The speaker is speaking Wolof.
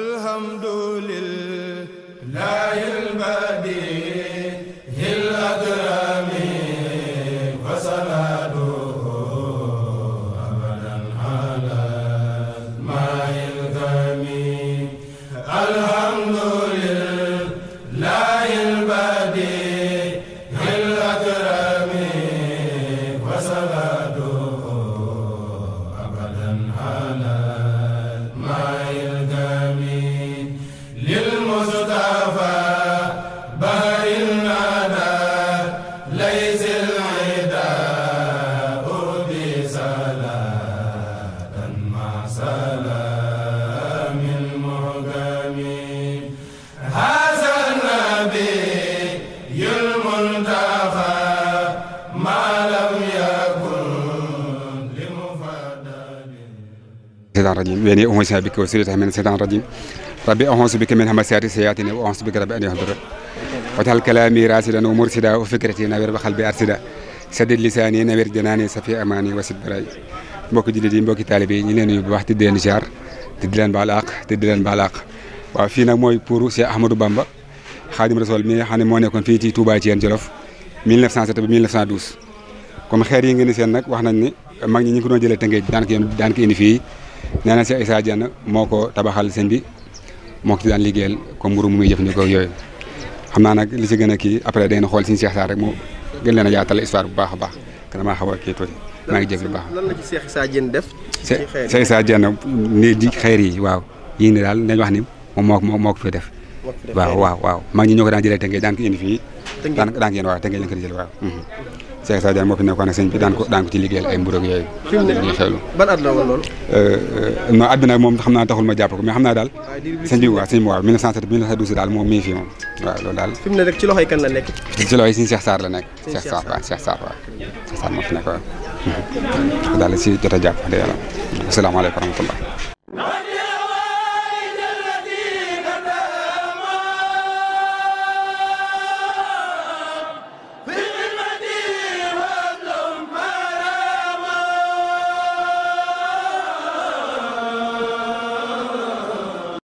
الحمد لله البديع الأكرم وصلاته أبدا على ما الغميم سيدان رجيم يعني أهون سبيك وسيرة همين سيدان رجيم ربي أهون سبيك من هما سياري سياتين وأهون سبيك ربي أني هدر وتهال كلامي راسدا أمور سيدا وفكرتي نبير بخل بأرسدا سدد لساني نبير جناني سفي أماني وسيد براي بوكو جلدين بوكي طالبي ينين يبوح تدين جار تدلان بالاق تدلان بالاق وفينا موي بورو سي أحمد بامبا خادم رسول مي حاني موني كون فيتي توبا تيان جلوف 1907 1912 كم خير ينجي نسيان نك وحنا ني مغني نكونو جلتنجي دانك يم دانك ينفي nee na Cheikh saa Diène moo ko tabaxal seen bi moo ko ci daan liggéeyal comme mburu mu muy jëfandikoo yooyu xam naa nag li si gën a kii après day na xool suñu Cheikh Sarr rek mu gën leen a yaatal histoire bu baax baax te damaa xaw a kii tuuti maa ngi jégalu def. ci xeer yi Cheikh Issa nii di xeer yi waaw yii ni daal nañ wax ni moom moo ko moo ko fi def. waaw waaw waaw mag ñi ñoo ko daan jëlee te ngay daan ko indi fii. daan daan ko yéen waaw waaw mhm. Cheikh Sa Diagne moo fi nekkoon ak sëñ bi daan ko daan ko ci liggéeyal ay mbuur ak yooyu. fi mu nekk euh, euh, nag moom xam naa taxul ma jàpp ko mais xam naa daal. Ah, sëñ bi waaw sëñ bi waaw 1907 1912 daal moom mii fii moom waaw loolu daal. fi mu ne rek ci loxoy kan la nekk. ci loxoy sëñ Cheikh Sarr la waaw Cheikh Sarr waaw Cheikh nekk waaw. daal si jot jàpp de dëgg yàlla asalaamaaleykum wa